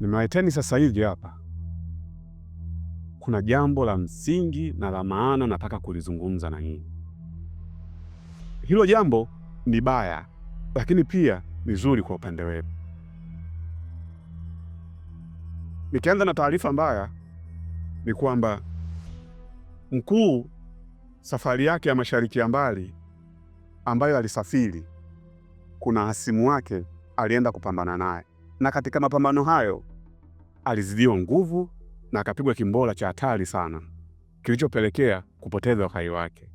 nimewaiteni sasa hivi hapa, kuna jambo la msingi na la maana nataka kulizungumza na nyinyi. Hilo jambo ni baya, lakini pia ni zuri kwa upande wetu Nikianza na taarifa mbaya, ni kwamba mkuu safari yake ya mashariki ya mbali ambayo alisafiri, kuna hasimu wake alienda kupambana naye, na katika mapambano hayo alizidiwa nguvu na akapigwa kimbola cha hatari sana kilichopelekea kupoteza uhai wake.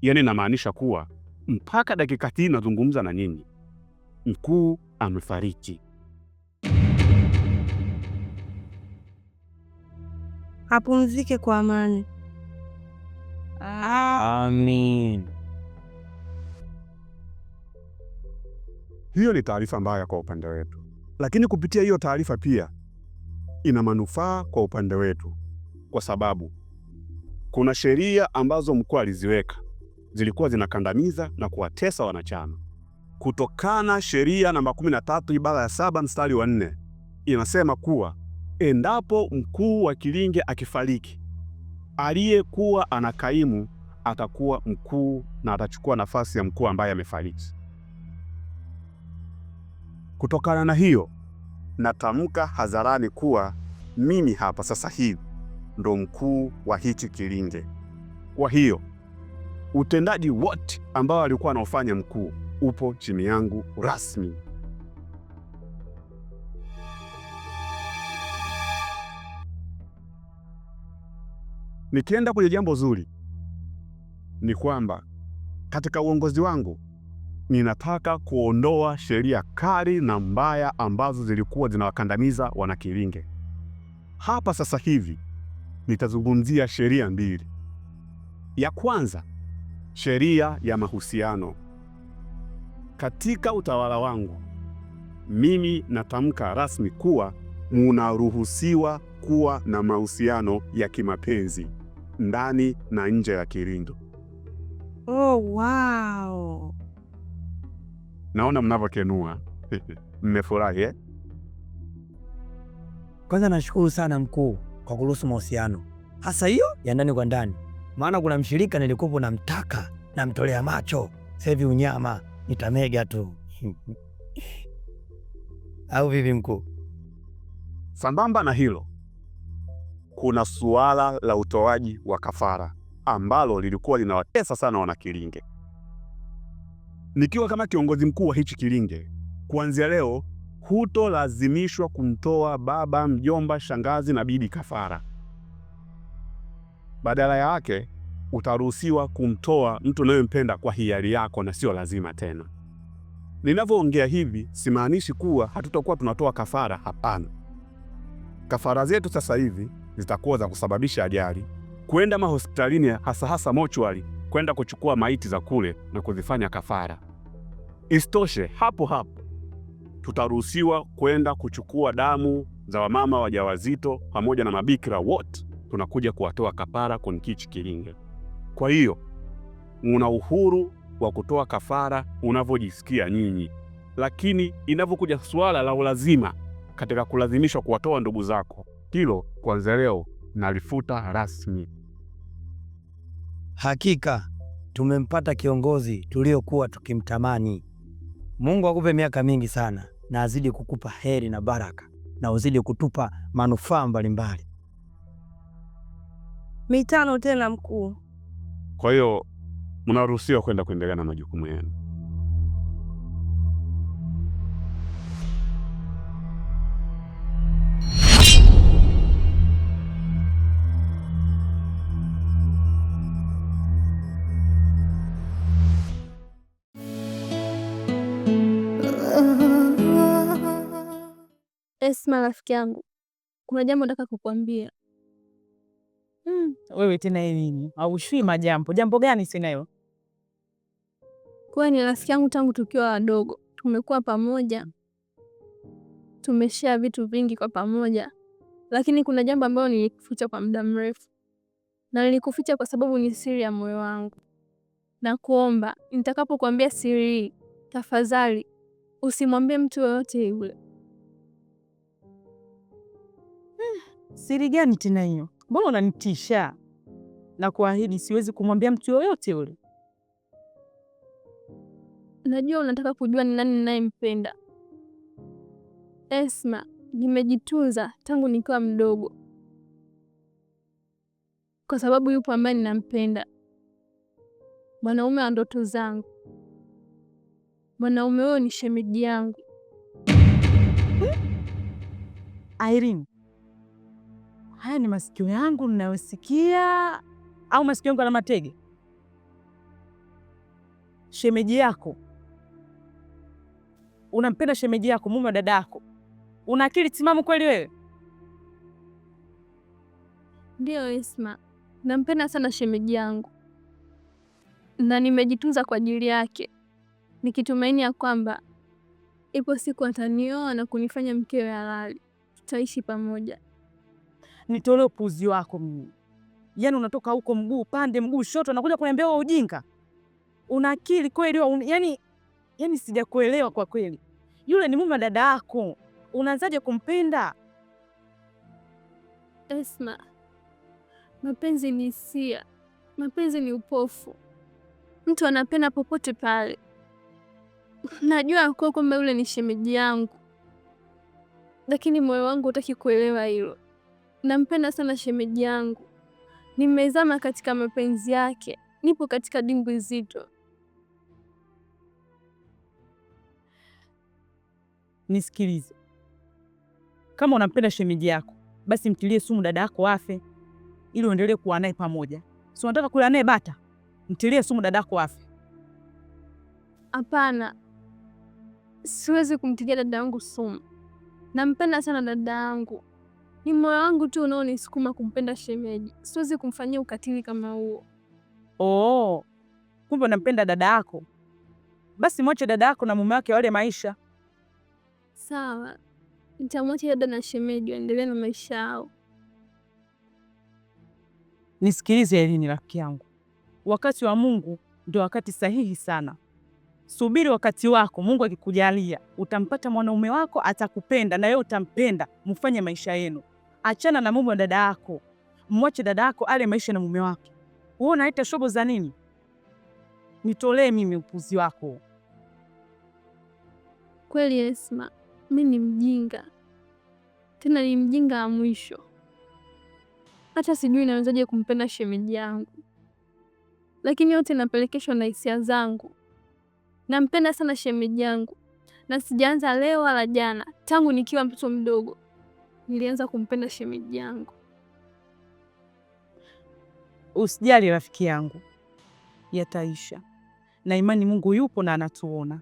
Yaani inamaanisha kuwa mpaka dakika hii nazungumza na nyinyi, mkuu amefariki. Apumzike kwa amani. Amin. Hiyo ni taarifa mbaya kwa upande wetu, lakini kupitia hiyo taarifa pia ina manufaa kwa upande wetu, kwa sababu kuna sheria ambazo mkuu aliziweka zilikuwa zinakandamiza na kuwatesa wanachama. Kutokana sheria namba 13 ibara ya saba mstari wa nne inasema kuwa endapo mkuu wa kilinge akifariki, aliyekuwa anakaimu atakuwa mkuu na atachukua nafasi ya mkuu ambaye amefariki. Kutokana na hiyo natamka hadharani kuwa mimi hapa sasa hivi ndo mkuu wa hichi kilinge. Kwa hiyo utendaji wote ambao alikuwa anaofanya mkuu upo chini yangu rasmi. Nikienda kwenye jambo zuri, ni kwamba katika uongozi wangu ninataka kuondoa sheria kali na mbaya ambazo zilikuwa zinawakandamiza Wanakilinge. Hapa sasa hivi nitazungumzia sheria mbili. Ya kwanza, sheria ya mahusiano. Katika utawala wangu mimi natamka rasmi kuwa munaruhusiwa kuwa na mahusiano ya kimapenzi ndani na nje ya Kilindo. Oh, wow. Naona mnavyokenua mmefurahi eh? Kwanza nashukuru sana mkuu kwa kuruhusu mahusiano hasa hiyo ya ndani kwa ndani, maana kuna mshirika nilikuwa namtaka namtolea macho, sehvi unyama nitamega tu au vivi mkuu? Sambamba na hilo, kuna suala la utoaji wa kafara ambalo lilikuwa linawatesa sana wanakilinge. Nikiwa kama kiongozi mkuu wa hichi kilinge, kuanzia leo hutolazimishwa kumtoa baba, mjomba, shangazi na bibi kafara. Badala yake utaruhusiwa kumtoa mtu unayempenda kwa hiari yako na sio lazima tena. Ninavyoongea hivi simaanishi kuwa hatutakuwa tunatoa kafara, hapana. Kafara zetu sasa hivi zitakuwa za kusababisha ajali, kwenda mahospitalini, hasa hasa mochwali kwenda kuchukua maiti za kule na kuzifanya kafara. Isitoshe, hapo hapo tutaruhusiwa kwenda kuchukua damu za wamama wajawazito pamoja na mabikira wote, tunakuja kuwatoa kafara kwenye kichi kilinge Kwa hiyo una uhuru wa kutoa kafara unavyojisikia nyinyi, lakini inavyokuja suala la ulazima katika kulazimishwa kuwatoa ndugu zako, hilo kwanza leo nalifuta rasmi. Hakika tumempata kiongozi tuliokuwa tukimtamani. Mungu akupe miaka mingi sana na azidi kukupa heri na baraka na uzidi kutupa manufaa mbalimbali. Mitano tena mkuu. Kwa hiyo mnaruhusiwa kwenda kuendelea na majukumu yenu. Esma, rafiki yangu, kuna jambo nataka kukuambia. Hmm. Wewe tena nini? Aushui majambo. Jambo gani Kwa ni rafiki yangu, tangu tukiwa wadogo tumekuwa pamoja, tumeshia vitu vingi kwa pamoja, lakini kuna jambo ambalo nilikuficha kwa muda mrefu, na nilikuficha kwa sababu ni siri ya moyo wangu. na kuomba nitakapokuambia siri hii, tafadhali usimwambie mtu yoyote yule. Siri gani tena hiyo? Mbona unanitisha? Na kuahidi siwezi kumwambia mtu yoyote yule. Najua unataka kujua ni nani ninayempenda. Esma, nimejitunza tangu nikiwa mdogo, kwa sababu yupo ambaye ninampenda, mwanaume wa ndoto zangu. Mwanaume huyo ni shemeji yangu. Irene, Haya ni masikio yangu ninayosikia au masikio yangu yana matege? Shemeji yako unampenda, shemeji yako mume wa dada yako. Una akili timamu kweli wewe? Ndiyo Isma, nampenda sana shemeji yangu na nimejitunza kwa ajili yake, nikitumaini ya kwamba ipo siku atanioa na kunifanya mkewe halali, tutaishi pamoja nitolee upuzi wako mimi. Yaani unatoka huko mguu pande mguu shoto nakuja kuniambia wewe ujinga. Una akili kweli wewe? Yaani yaani sijakuelewa kwa kweli. Yule ni mume wa dada yako. Unaanzaje kumpenda? Esma, mapenzi ni hisia, mapenzi ni upofu. Mtu anapenda popote pale. Najua kwa kwamba yule ni shemeji yangu, lakini moyo wangu hutaki kuelewa hilo. Nampenda sana shemeji yangu, nimezama katika mapenzi yake, nipo katika dimbwi zito. Nisikilize, kama unampenda shemeji yako, basi mtilie sumu dada yako afe, ili uendelee kuwa naye pamoja. Si unataka kula naye bata? Mtilie sumu dada yako afe. Hapana, siwezi kumtilia dada yangu sumu. Nampenda sana dada yangu. Ni moyo wangu tu unaonisukuma kumpenda shemeji, siwezi kumfanyia ukatili kama huo. Oh, kumbe unampenda dada yako? Basi mwache dada yako na mume wake wale maisha. Sawa, nitamwacha dada na shemeji waendelee na maisha yao. Nisikilize Elini rafiki yangu, wakati wa Mungu ndio wakati sahihi sana. Subiri wakati wako, Mungu akikujalia utampata mwanaume wako, atakupenda na wewe utampenda, mfanye maisha yenu achana na mume wa dada yako, mwache dada yako ale maisha na mume wake. Wewe unaita shobo za nini? Nitolee mimi upuzi wako. Kweli Esma, mi ni mjinga, tena ni mjinga wa mwisho. Hata sijui nawezaje kumpenda shemeji yangu, lakini yote inapelekeshwa na hisia zangu. Nampenda sana shemeji yangu na sijaanza leo wala jana, tangu nikiwa mtoto mdogo nilianza kumpenda shemeji yangu. Usijali rafiki yangu, yataisha na imani, Mungu yupo na anatuona.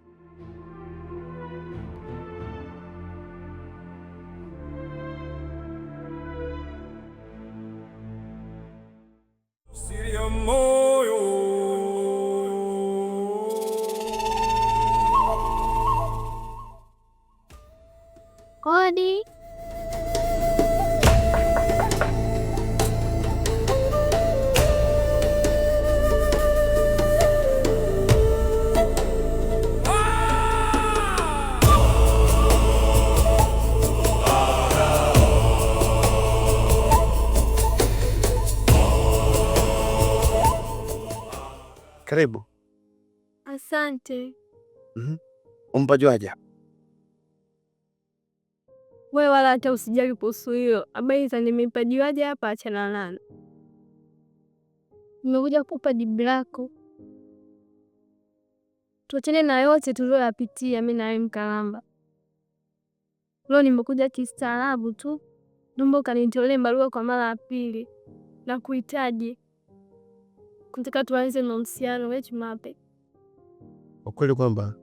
Karibu. Asante. Mm -hmm. Umpajuaja we, wala hata usijali kuhusu hiyo. Habari za nimempajuaja hapa, achana nalo. Nimekuja kukupa jibu lako, tuachane na yote tulioyapitia mimi na wewe Mkalamba. Leo nimekuja kistaarabu tu, naomba ukanitolee barua kwa mara ya pili na kuhitaji kutaka tuanze mahusiano we tumape Kwa kweli kwamba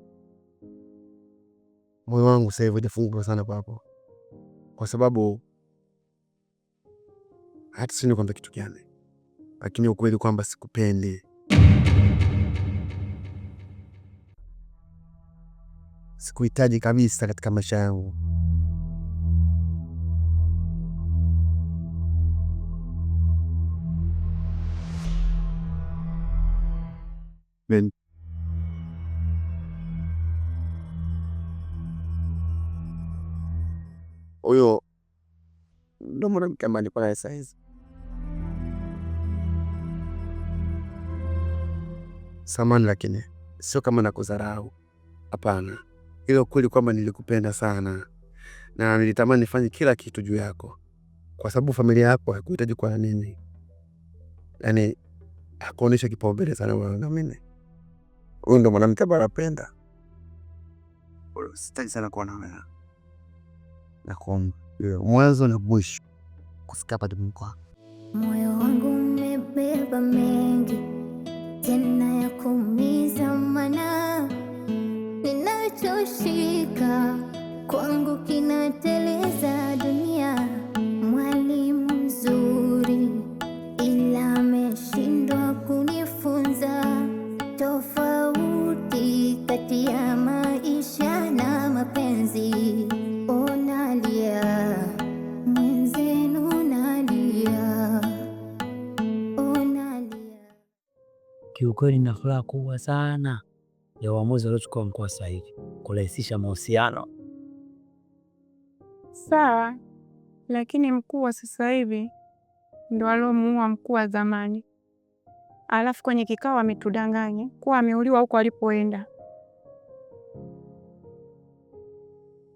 moyo wangu sasa hivi hujafunguka sana kwako, kwa sababu hata sini kwamba kitu gani, lakini ukweli kwamba sikupendi, sikuhitaji kabisa katika maisha yangu. wenn huyo ndo mwanamke ambaye niko naye saizi. Samani, lakini sio kama nakudharau, hapana, ila kweli kwamba nilikupenda sana na nilitamani nifanye kila kitu juu yako, kwa sababu familia yako haikuhitaji kwa nini, yaani hakuonyesha kipaumbele sana mimi huyu ndo mwanamke ambaye anapenda. Sitaki sana kuwa nawe, nakuomba mwanzo na mwisho kufika hapa. Moyo wangu umebeba mimi. kiukweli na furaha kubwa sana ya uamuzi waliochukua mkoa sahihi kurahisisha mahusiano. Sawa, lakini mkuu wa sasa hivi ndo aliomuua mkuu wa zamani, alafu kwenye kikao ametudanganya kuwa ameuliwa huko alipoenda.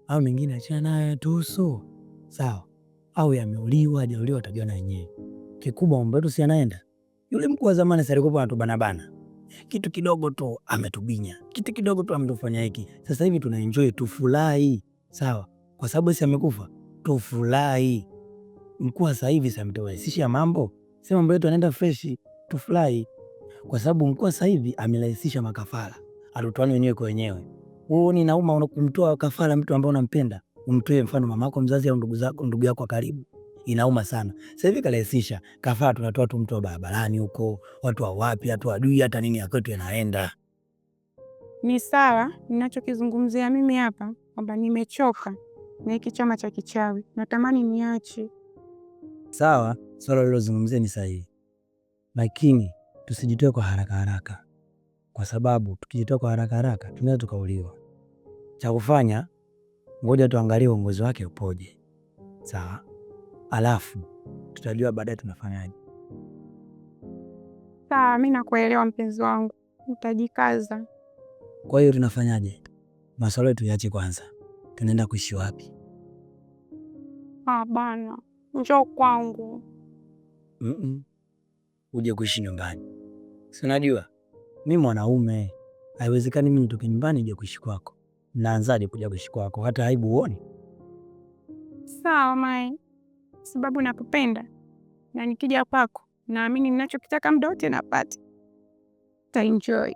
Au mengine achana nayo tuhusu, sawa. Au yameuliwa ajauliwa, atajiona na wenyewe. Kikubwa omba si anaenda yule mkuu wa zamani alikuwa anatubana bana, kitu kidogo tu ametubinya, kitu kidogo tu ametufanya hiki. Sasa hivi tuna enjoy, tufurahi, sawa, kwa sababu si amekufa, tufurahi. Mkuu sasa hivi samturahisisha mambo, sema mambo yetu anaenda freshi, tufurahi, kwa sababu mkuu sasa hivi amerahisisha makafara, atutoane wenyewe kwa wenyewe. Wewe ni nauma unakumtoa kafara mtu ambaye unampenda, umtoe mfano mamako mzazi au ndugu zako, ndugu yako karibu inauma sana. Sasa hivi karahisisha, kafara tunatoa tu mtu wa barabarani huko, watu wa wapi, watu wajui hata nini yakwetu yanaenda. Ni sawa, ninachokizungumzia mimi hapa kwamba nimechoka na hiki chama cha kichawi, natamani niache. Sawa, swala lilozungumzia ni sahihi, lakini tusijitoe kwa haraka haraka, kwa sababu tukijitoa kwa haraka haraka tunaweza tukauliwa. Cha kufanya, ngoja tuangalie uongozi wake upoje. Sawa alafu tutajua baadaye tunafanyaje. Sawa, mi nakuelewa mpenzi wangu, utajikaza. Kwa hiyo tunafanyaje? Maswala yetu yache kwanza, tunaenda kuishi wapi? Ah, bana, njoo kwangu. mm -mm. Uje kuishi nyumbani, si unajua mi mwanaume, haiwezekani mi nitoke nyumbani ije kuishi kwako. Naanzaje kuja kuishi kwako? hata aibu uoni? Sawa mai sababu nakupenda na nikija kwako naamini ninachokitaka muda wote napata. Taenjoy.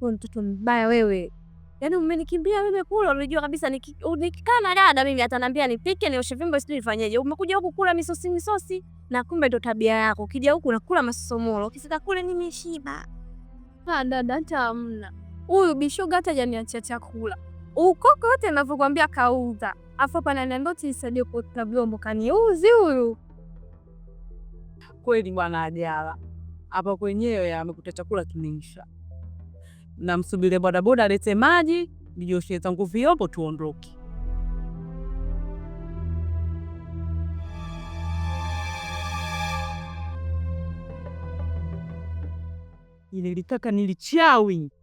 wewe mtoto mbaya wewe. Yaani umenikimbia mimi kula, unajua kabisa nikikaa na dada mimi ataniambia nipike nioshe vyombo sijui nifanyeje. Umekuja huku kula misosi misosi na kumbe ndo tabia yako. Ukija huku unakula masosomolo. Ukisika kule nimeshiba. Ah, dada hata hamna. Huyu bishoga hata hajaniachia chakula. Ukoko wote ninavyokuambia kauza. Afu hapa ananiambia unisaidie kuokota vyombo kaniuzi huyu. Kweli bwana Ajala. Hapa kwenyewe amekuta chakula kimeisha namsubiri bodaboda alete maji, nijoshie zangu vyombo, tuondoke. Ile likaka nilichawi